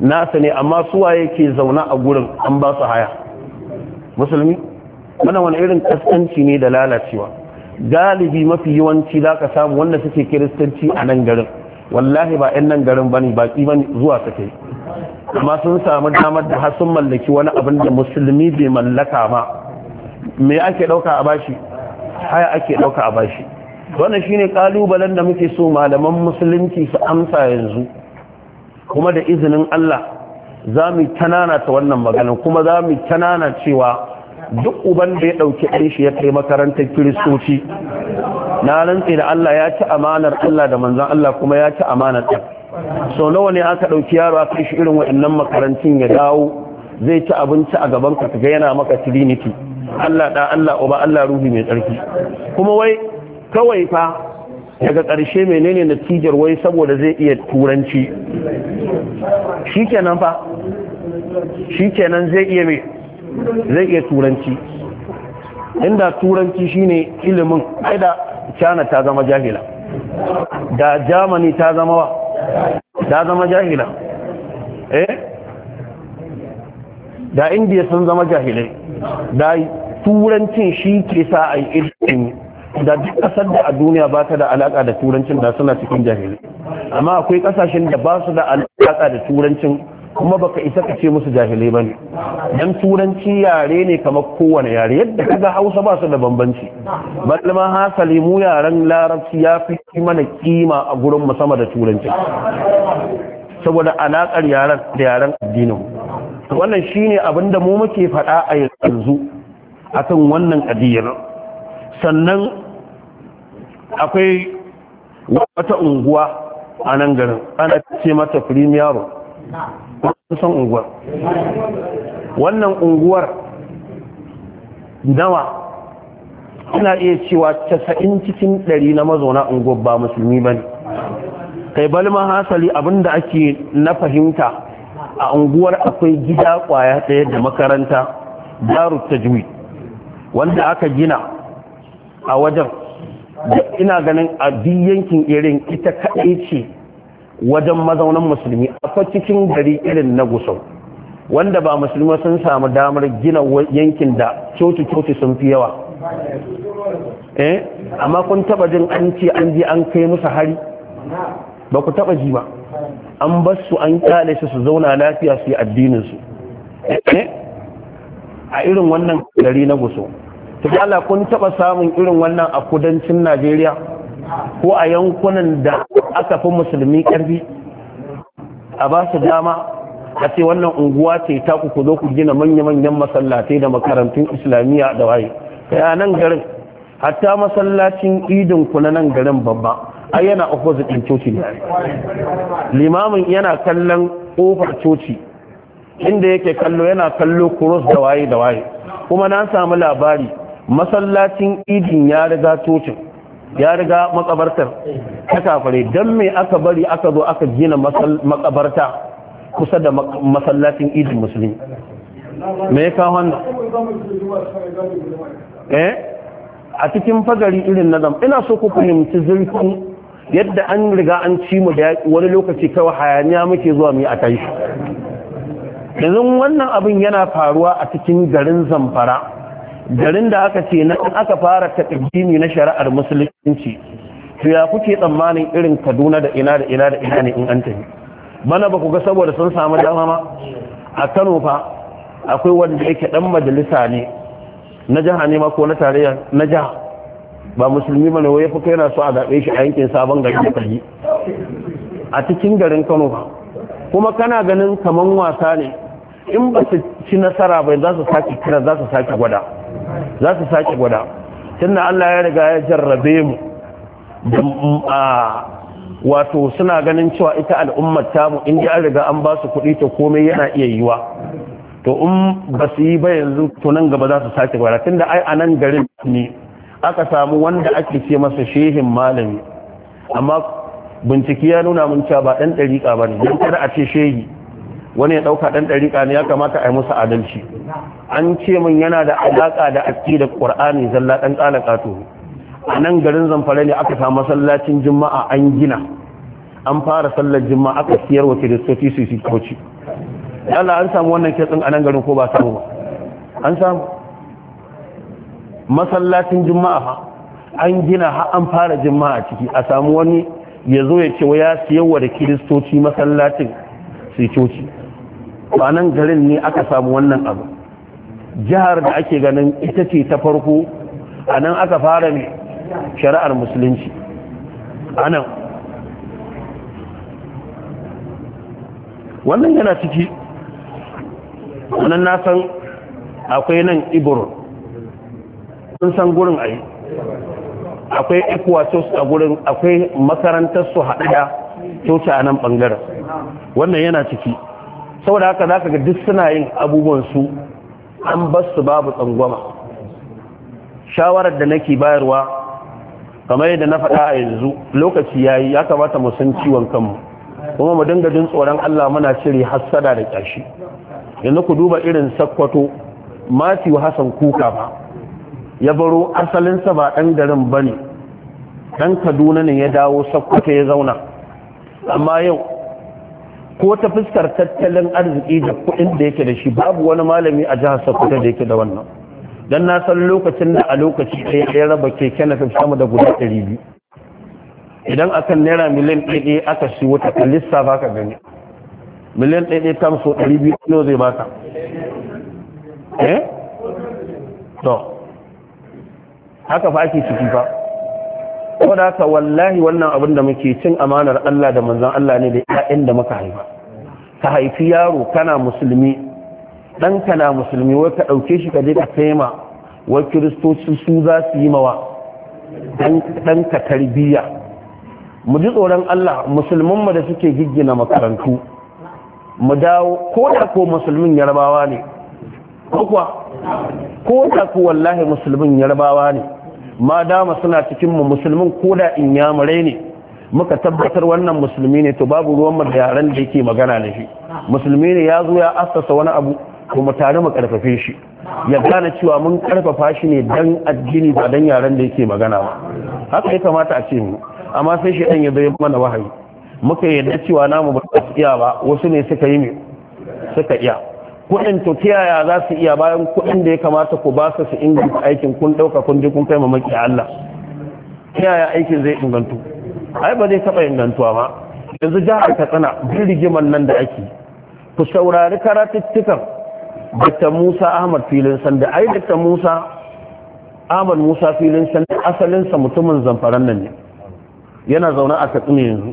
nasa ne amma suwaye ke zauna a gurin an ba su haya musulmi mana wani irin kaskanci ne da lalacewa galibi mafi yawanci za ka samu wanda suke kiristanci a nan garin wallahi ba 'yan nan garin ba ne baki bane zuwa suke amma sun samu damar da har sun mallaki wani abin da musulmi bai mallaka ba me ake ɗauka a bashi haya ake ɗauka a bashi wannan shine kalubalen da muke so malaman musulunci su amsa yanzu kuma da izinin Allah za mu tanana ta wannan magana kuma za mu tanana cewa duk uban da ya ɗauki ɗan shi ya kai makarantar kiristoci na rantse da Allah ya ci amanar Allah da manzon Allah kuma ya ci amanar ta. so nawa ne aka ɗauki yaro aka shi irin waɗannan makarantun ya dawo zai ci abinci a gaban ka ga yana maka trinity Allah da Allah uba Allah ruhi mai tsarki kuma wai kawai fa daga ƙarshe menene natijar wai saboda zai iya turanci shikenan fa shikenan zai iya mai zai iya turanci inda turanci shine ilimin ai da China ta zama jahila da Germany ta zama wa ta zama jahila eh da indiya sun zama jahilai da turancin shi ke sa a yi da duk kasar da a duniya ba ta da alaka da turancin da suna cikin jahili amma akwai kasashen da ba su da alaka da turancin kuma baka isa ka ce musu jahilai ba ne. dan turanci yare ne kamar kowane yare yadda ga Hausa ba su da bambanci balma hasali mu yaren larabci ya fi mana kima a gurin mu sama da turanci saboda alakar yaren yaren addinin wannan shine abinda mu muke faɗa a yanzu akan wannan adiyar sannan akwai wata unguwa a nan garin ana ce mata primiyaro kusan unguwar wannan unguwar nawa ana iya cewa casa'in cikin ɗari na mazauna unguwar ba musulmi ba ne kai balma hasali abinda ake na fahimta a unguwar akwai gida kwaya ɗaya da makaranta ta tajwid wanda aka gina a wajen ina ganin a yankin irin ita kaɗai ce wajen mazaunan musulmi akwai cikin gari irin na gusau wanda ba musulmi sun samu damar gina yankin da coci-coci sun fi yawa eh amma kun taba jin an ce an je an kai musu hari ba ku taba ji ba an basu an kyale su su zauna lafiya su yi addinin su eh, a irin wannan gari na gusau. ku ji Allah kun taɓa samun irin wannan a kudancin Najeriya ko a yankunan da aka fi musulmi ƙarfi a ba su dama a ce wannan unguwa ce ta ku ku zo ku gina manya-manyan masallatai da makarantun islamiyya da waye kai nan garin hatta masallacin idin ku na nan garin babba ai yana opposite din coci ne limamin yana kallon kofar coci inda yake kallo yana kallo cross da waye da waye kuma na samu labari masallacin idin ya riga tocin ya riga makabartar ta kafare don me aka bari aka zo aka gina makabarta kusa da masallacin idin musulmi me ya kawo wannan eh a cikin fagari irin na ina so ku fahimci zurfin yadda an riga an ci mu da wani lokaci kawai hayaniya muke zuwa mu yi a kai yanzu wannan abin yana faruwa a cikin garin zamfara garin da aka ce nan aka fara taƙaddimi na shari'ar musulunci to ya kuke tsammanin irin kaduna da ina da ina da ina ne in an tafi bana ba ku ga saboda sun samu dama ma a kano fa akwai wanda yake dan majalisa ne na jiha ne ma ko na tarayya na jiha ba musulmi ba ne wai fa yana so a zaɓe shi a yankin sabon gari da kaji a cikin garin kano fa kuma kana ganin kaman wasa ne in ba su ci nasara ba za su sake kira za su sake gwada za su sake gwada tunda Allah ya riga ya jarrabe mu wato suna ganin cewa ita al'ummar mu, in ji an riga an ba su kuɗi to komai yana iya yiwa to in ba su yi ba yanzu to nan gaba za su sake gwada tunda ai a nan garin ne aka samu wanda ake ce masa shehin malami amma bincike ya nuna mun cewa ba ɗan ɗariƙa ba ne don kada a ce shehi wani ya ɗauka ɗan ɗariƙa ne ya kamata a yi musu adalci an ce min yana da alaƙa da aski da ƙwar'ani zalla ɗan ƙalaƙa to a nan garin zamfara ne aka samu masallacin juma'a an gina an fara sallar juma'a aka siyar wa kiristoci su su kauci yalla an samu wannan kitsin a nan garin ko ba samu ba an samu masallacin juma'a fa an gina har an fara juma'a ciki a samu wani ya zo ya ce wa ya siyar wa da kiristoci masallacin sai coci ba nan garin ne aka samu wannan abu jihar da ake ganin ita ce ta farko a nan aka fara ne shari'ar musulunci a nan wannan yana ciki wannan na san akwai nan ibor sun san gurin a yi akwai ecuador a gurin akwai makarantar su haɗaya kyauta a nan ɓangaren wannan yana ciki saboda haka za ka ga duk suna yin abubuwansu an basu babu tsangwama shawarar da nake bayarwa kamar yadda na faɗa a yanzu lokaci ya yi ya kamata mu san ciwon kanmu kuma mu dinga jin tsoron Allah muna cire hassada da ƙyashi yanzu ku duba irin sakkwato Matthew Hassan Kuka ba ya baro asalinsa ba ɗan garin ba ne ɗan Kaduna ne ya dawo sakwato ya zauna amma yau ko ta fuskar tattalin arziki da kuɗin da yake da shi babu wani malami a jihar sokoto da yake da wannan don na san lokacin da a lokaci ɗaya ya raba keke na fi sama da guda ɗari biyu idan akan naira miliyan ɗaya aka shi wata kalista ba ka gani miliyan ɗaya ta so ɗari biyu kilo zai baka eh to haka fa ake ciki fa saboda haka wallahi wannan abin da muke cin amanar Allah da manzon Allah ne da ƴaƴan da muka haifa ka haifi yaro kana musulmi dan kana musulmi wai ka dauke shi ka je ka wai kiristoci su za su yi mawa dan ka tarbiyya mu ji tsoron Allah musulmin mu da suke giggina makarantu mu dawo ko da ko musulmin yarbawa ne ko kuwa ko da ko wallahi musulmin yarbawa ne ma dama suna cikin mu musulmin koda in yamurai ne muka tabbatar wannan musulmi ne to babu ruwan mu da yaran da yake magana da shi musulmi ne ya zo ya assasa wani abu kuma tare mu karfafe shi ya gane cewa mun karfafa shi ne dan addini ba dan yaran da yake magana ba haka ya kamata a ce mu amma sai shi dan ya zo mana wahayi muka yarda cewa namu ba iya ba wasu ne suka yi suka iya kuɗin to ta yaya za su iya bayan kuɗin da ya kamata ku ba su su inganta aikin kun ɗauka kun je kun kai ma maki Allah ta yaya aikin zai ingantu ai ba zai taɓa ingantuwa ba yanzu jihar katsina bin rigimar nan da ake ku saurari karatuttukan Dr. Musa Ahmad filin sanda ai Dr. Musa Ahmad Musa filin sanda asalinsa mutumin zamfaran nan ne yana zaune a katsina yanzu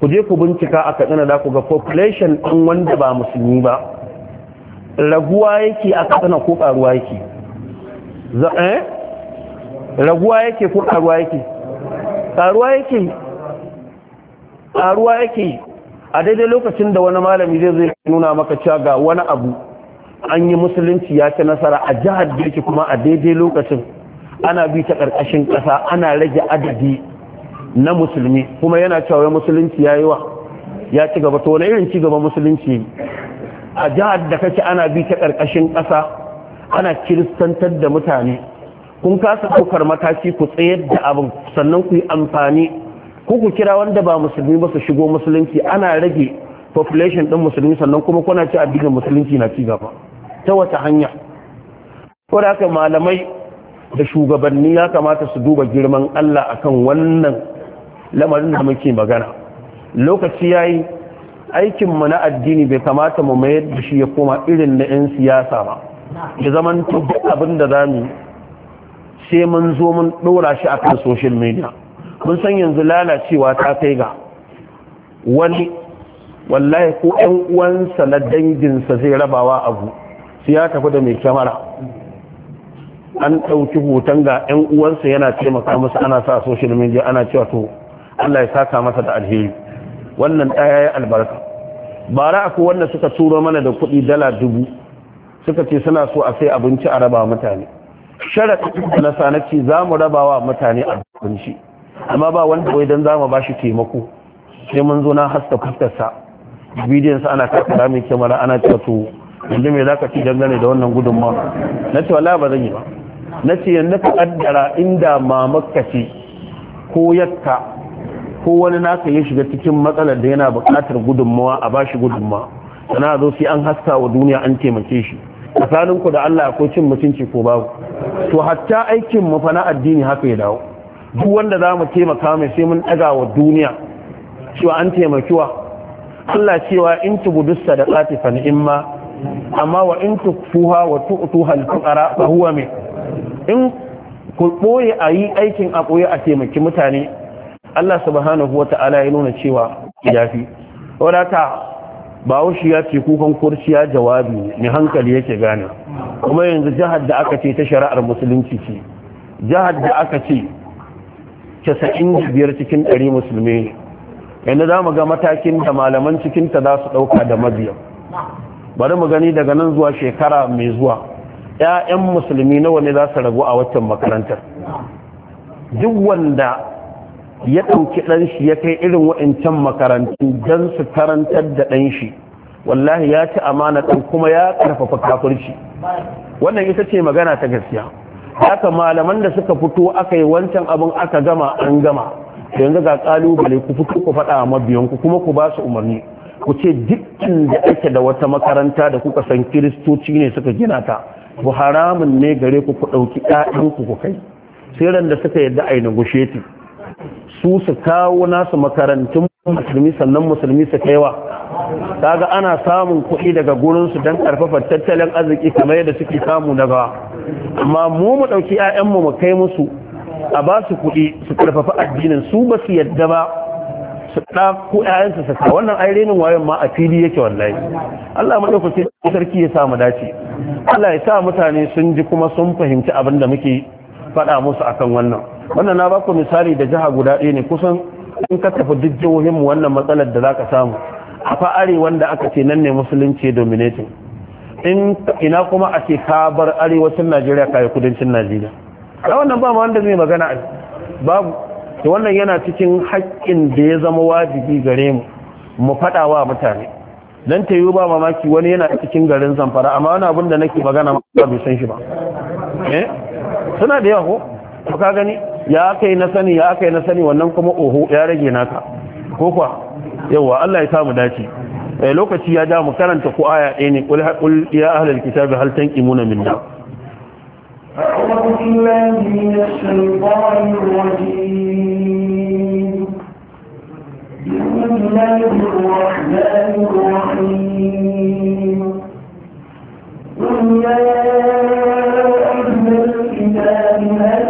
ku je ku bincika a katsina da ku ga population ɗin wanda ba musulmi ba raguwa yake a kasana ko karuwa yake eh? raguwa yake ko karuwa yake karuwa yake karuwa yake a daidai lokacin da wani malami zai zai nuna maka cewa ga wani abu an yi musulunci ya ci nasara a jihar da yake kuma a daidai lokacin ana bi ta ƙarƙashin ƙasa ana rage adadi na musulmi kuma yana cewa musulunci ya yi wa ya ci gaba to wani irin ci gaba musulunci a jihar da kake ana bi ta ƙarƙashin ƙasa ana kiristantar da mutane kun kasa ɗaukar mataki ku tsayar da abin sannan ku yi amfani ku ku kira wanda ba musulmi ba su shigo musulunci ana rage population ɗin musulmi sannan kuma kuna ci addinin musulunci na ci gaba ta wata hanya ko da haka malamai da shugabanni ya kamata su duba girman Allah akan wannan lamarin da muke magana lokaci yayi aikin mu na addini bai kamata mu mayar da shi ya koma irin na 'yan siyasa ba ya zaman duk abin da za mu sai mun zo mun ɗora shi a kan social media mun san yanzu lalacewa ta kai ga wani wallahi ko 'yan uwansa na danginsa zai rabawa abu su ya tafi da mai kyamara an ɗauki hoton ga 'yan uwansa yana taimaka masa ana sa social media ana cewa to Allah ya saka masa da alheri wannan ɗaya ya albarka bara akwai wanda suka turo mana da kuɗi dala dubu suka ce suna so a sai abinci a raba mutane Shara na sa na ce za mu raba wa mutane abinci amma ba wanda wai don za mu ba shi taimako sai mun zo na haska fuskarsa bidiyon sa ana kakara mai kyamara ana cewa to yanzu me za ka ci dangane da wannan gudunmawa na ce wala ba zan yi ba na ce yanzu ka kaddara inda mamakka ce ko yadda ko wani naka ya shiga cikin matsalar da yana buƙatar gudunmawa a ba shi gudunmawa sana zo sai an haska wa duniya an taimake shi tsakanin ku da Allah akwai cin mutunci ko babu to hatta aikin mu fa na addini haka ya dawo duk wanda za mu taimaka mai sai mun ɗaga wa duniya cewa an taimaki wa Allah cewa in da da fa ni'imma. amma wa in tukfuha wa tu'tuha al-fuqara fa huwa min in ku boye yi aikin a boye a taimaki mutane Allah subhanahu wata'ala ya nuna cewa yafi wadata wushi ya ce kukan kurciya jawabi ne hankali yake gane kuma yanzu jihar da aka ce ta shari'ar musulunci ce jihar da aka ce casa'in biyar cikin ɗari musulmi yanzu za mu ga matakin da malaman cikinta za su ɗauka da mabiya bari mu gani daga nan zuwa shekara mai zuwa 'ya'yan musulmi nawa ne za su ragu a waccan makarantar duk wanda ya ɗauki ɗanshi ya kai irin wa'incan makarantu don su karantar da ɗanshi wallahi ya ci amana ɗan kuma ya ƙarfafa kafirci wannan ita ce magana ta gaskiya haka malaman da suka fito aka yi wancan abin aka gama an gama yanzu ga ƙalubale ku fito ku faɗa a mabiyanku kuma ku ba su umarni ku ce dukkan da ake da wata makaranta da kuka san kiristoci ne suka gina ta ku haramun ne gare ku ku ɗauki ɗaɗinku ku kai sai da suka yadda a yi na su su kawo nasu makarantun musulmi sannan musulmi su kaiwa kaga ana samun kuɗi daga gurinsu don karfafa tattalin arziki kamar yadda suke samu daga amma mu mu ɗauki 'ya'yanmu mu kai musu a ba su kuɗi su karfafa addinin su ba su yadda ba su ɗa ko 'ya'yansu su kawo wannan ai renin wayon ma a fili yake wallahi Allah maɗaukaki sarki ya sa mu dace Allah ya sa mutane sun ji kuma sun fahimci abin da muke faɗa musu akan wannan wannan na baku misali da jiha guda ɗaya ne kusan in ka tafi duk jihohin mu wannan matsalar da za ka samu a fa arewan da aka ce nan ne musulunci dominating in ina kuma a ce ka bar arewacin Najeriya kai kudancin Najeriya a wannan ba wanda zai magana a babu to wannan yana cikin haƙƙin da ya zama wajibi gare mu mu faɗa wa mutane dan ta yi ba mamaki wani yana cikin garin zamfara amma wani abin da nake magana ba bai san shi ba eh suna da yawa ko ka gani ya kai na sani ya kai na sani wannan kuma oho ya rage naka ko kwa yawa Allah ya samu dace eh lokaci ya da mu karanta ku aya ɗaya ne qul qul ya ahlal kitabi hal tanqimuna minna أعوذ بالله من الشيطان الرجيم بسم الله الرحمن الرحيم قل يا أهل الكتاب هل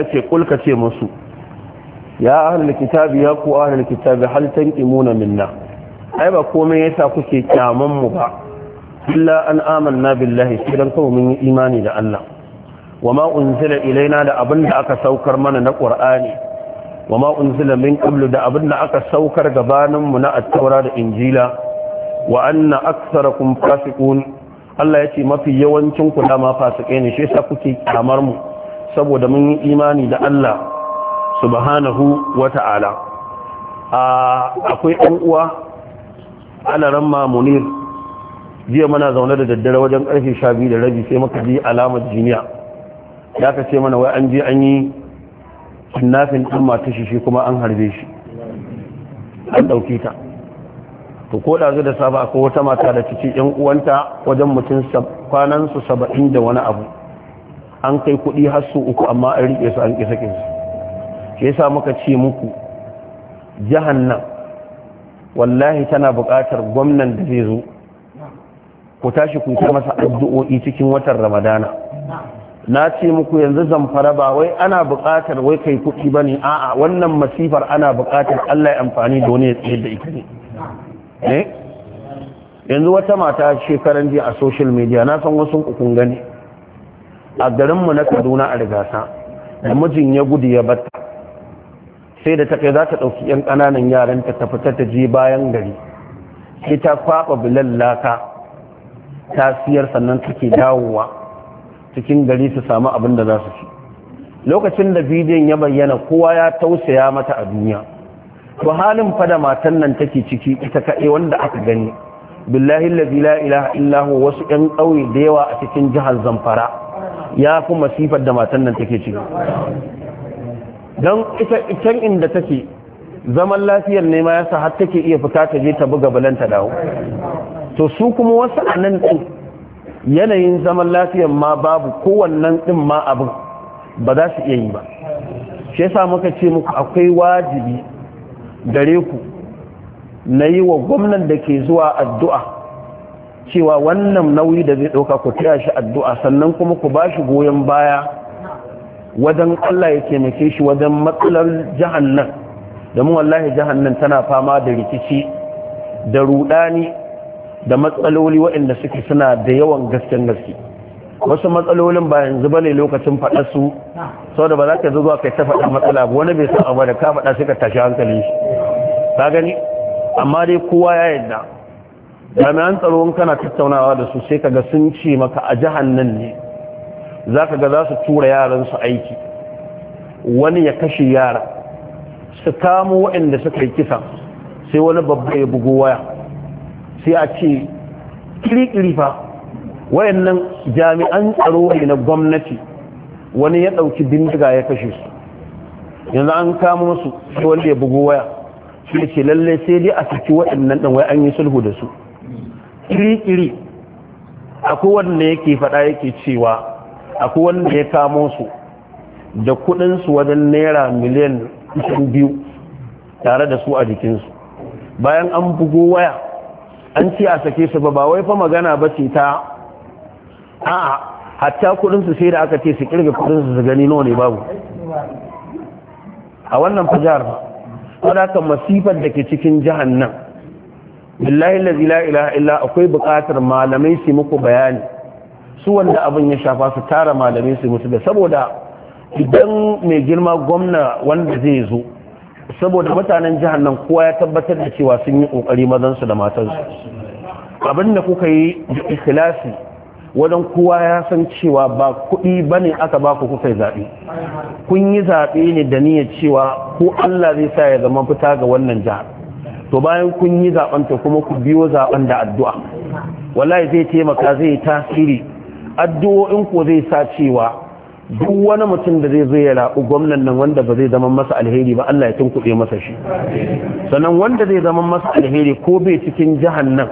Allah ya ce kulka ce musu ya ahlul kitabi ya ku ahlul kitabi hal tanqimuna minna ai ba komai yasa kuke kyaman mu ba illa an amanna billahi sai don kawai mun yi imani da Allah wama unzila ilaina da abin da aka saukar mana na qur'ani wama unzila min qablu da abin da aka saukar gabanin mu na at da injila wa anna aktharakum fasiqun Allah ya ce mafi yawancin ku dama fasikai ne shi yasa kuke kyamar mu saboda mun yi imani da Allah subhanahu wa ta'ala akwai ɗan uwa alaran mamunir jiya mana zaune da daddare wajen ƙarfe sha biyu da rabi sai muka ji alamar jiniya ya ka ce mana wai an je an yi nafin ɗin mata shi kuma an harbe shi an ɗauki ta to ko da zai da safa akwai wata mata da cikin yan uwanta wajen mutum kwanansu saba'in da wani abu an kai kuɗi har su uku amma an rike su an kisa sakin shi yasa muka ce muku nan wallahi tana buƙatar gwamnan da zai zo ku tashi ku yi masa addu'o'i cikin watan ramadana na ce muku yanzu zamfara ba wai ana buƙatar wai kai kuɗi ba ne a'a wannan masifar ana buƙatar allah ya amfani da wani ya tsaye da ita ne eh? yanzu wata mata shekaran jiya a social media na san wasu kun gani a garinmu na kaduna a rigasa da mijin ya gudu ya batta sai da ta kai za ta ɗauki 'yan ƙananan yaranta ta fita ta je bayan gari sai ta kwaɓa bilal laka ta siyar sannan take dawowa cikin gari su samu abin da za su ci lokacin da bidiyon ya bayyana kowa ya tausaya mata a duniya to halin fada matan nan take ciki ita kaɗai wanda aka gani billahi la ilaha illahu wasu 'yan ƙauye da yawa a cikin jihar zamfara ya fi masifar da matan nan take ciki don ita can inda take zaman lafiyar nema ma yasa har take iya fita ta je ta buga balanta dawo to su kuma wasu a nan ɗin yanayin zaman lafiyar ma babu kowannan ɗin ma abin ba za su iya yi ba shi yasa muka ce muku akwai wajibi gare ku na yi wa gwamnan da ke zuwa addu'a cewa wannan nauyi da zai ɗauka ku taya shi addu'a sannan kuma ku ba shi goyon baya wajen Allah ya taimake shi wajen matsalar jahannan mu wallahi jahannan tana fama da rikici da rudani da matsaloli waɗanda suke suna da yawan gasken gaske wasu matsalolin ba yanzu ba ne lokacin faɗa su sau da ba za ka zo zuwa kai ta faɗa matsala ba wani bai san abu da ka faɗa suka tashi hankali shi gani amma dai kowa ya yadda jami'an tsaron kana tattaunawa da su sai ka ga sun ce maka a jihar nan ne za ka ga za su tura yaran su aiki wani ya kashe yara su kamo waɗanda suka yi kisa sai wani babba ya bugo waya sai a ce kirikiri fa wayannan jami'an tsaro ne na gwamnati wani ya ɗauki bindiga ya kashe su yanzu an kamo su sai wani ya bugo waya sai ce lallai sai dai a saki waɗannan ɗan wai an yi sulhu da su kiri-kiri akwai wanda yake faɗa yake cewa akwai wanda ya kamo su da kudinsu wajen naira miliyan biyu tare da su a jikinsu bayan an bugo waya an ce a sake su ba ba wai fa magana ba ce ta a'a hatta kudinsu sai da aka ce su kirga kudinsu su gani nawa ne babu a wannan fajar ba wadatan masifar da ke cikin jihar nan billahi lazi la ilaha illa akwai buƙatar malamai su muku bayani su wanda abin ya shafa su tara malamai su musu da saboda idan mai girma gwamna wanda zai zo saboda mutanen jihar nan kowa ya tabbatar da cewa sun yi ƙoƙari su da matansu abin da kuka yi da ikhlasi wajen kowa ya san cewa ba kuɗi ba ne aka ba ku kuka yi zaɓe kun yi zaɓe ne da niyyar cewa ko allah zai sa ya zama fita ga wannan jihar to bayan kun yi zaben ta kuma ku biyo zaben da addu'a wallahi zai taimaka zai tasiri addu'o'in ko zai sa cewa duk wani mutum da zai zo ya gwamnan nan wanda ba zai zama masa alheri ba Allah ya tunkuɗe masa shi sannan wanda zai zama masa alheri ko bai cikin nan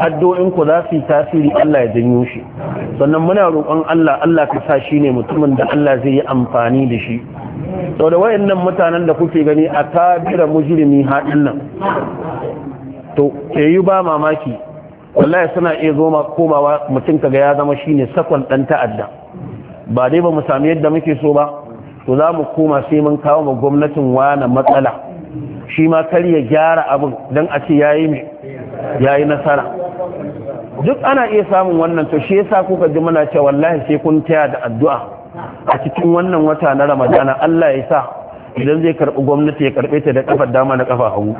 addu'o'in ku za su yi tasiri Allah ya janyo shi sannan muna roƙon Allah Allah ka sa shi ne mutumin da Allah zai yi amfani da shi to da wayannan mutanen da kuke gani a kabira mujrimi haɗin nan to ke yi ba mamaki wallahi suna iya zo komawa mutum kaga ya zama shine sakon ɗan ta'adda ba dai ba mu sami yadda muke so ba to za mu koma sai mun kawo ma gwamnatin wani matsala shi ma kar ya gyara abin don a ce yayi yayi nasara duk ana iya samun wannan to shi yasa kuka ji muna cewa wallahi sai kun taya da addu'a a cikin wannan wata na ramadana Allah ya sa idan zai karɓi gwamnati ya karɓe ta da ƙafar dama na kafa hagu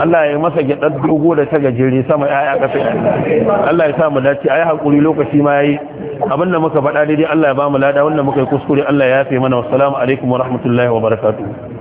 Allah ya masa gyaɗar dogo da ta gajere sama ya'ya kafa Allah ya sa mu dace ayi haƙuri lokaci ma yayi abin da muka faɗa daidai Allah ya ba mu lada wannan muka yi kuskure Allah ya yafe mana wassalamu alaikum wa rahmatullahi wa barakatuh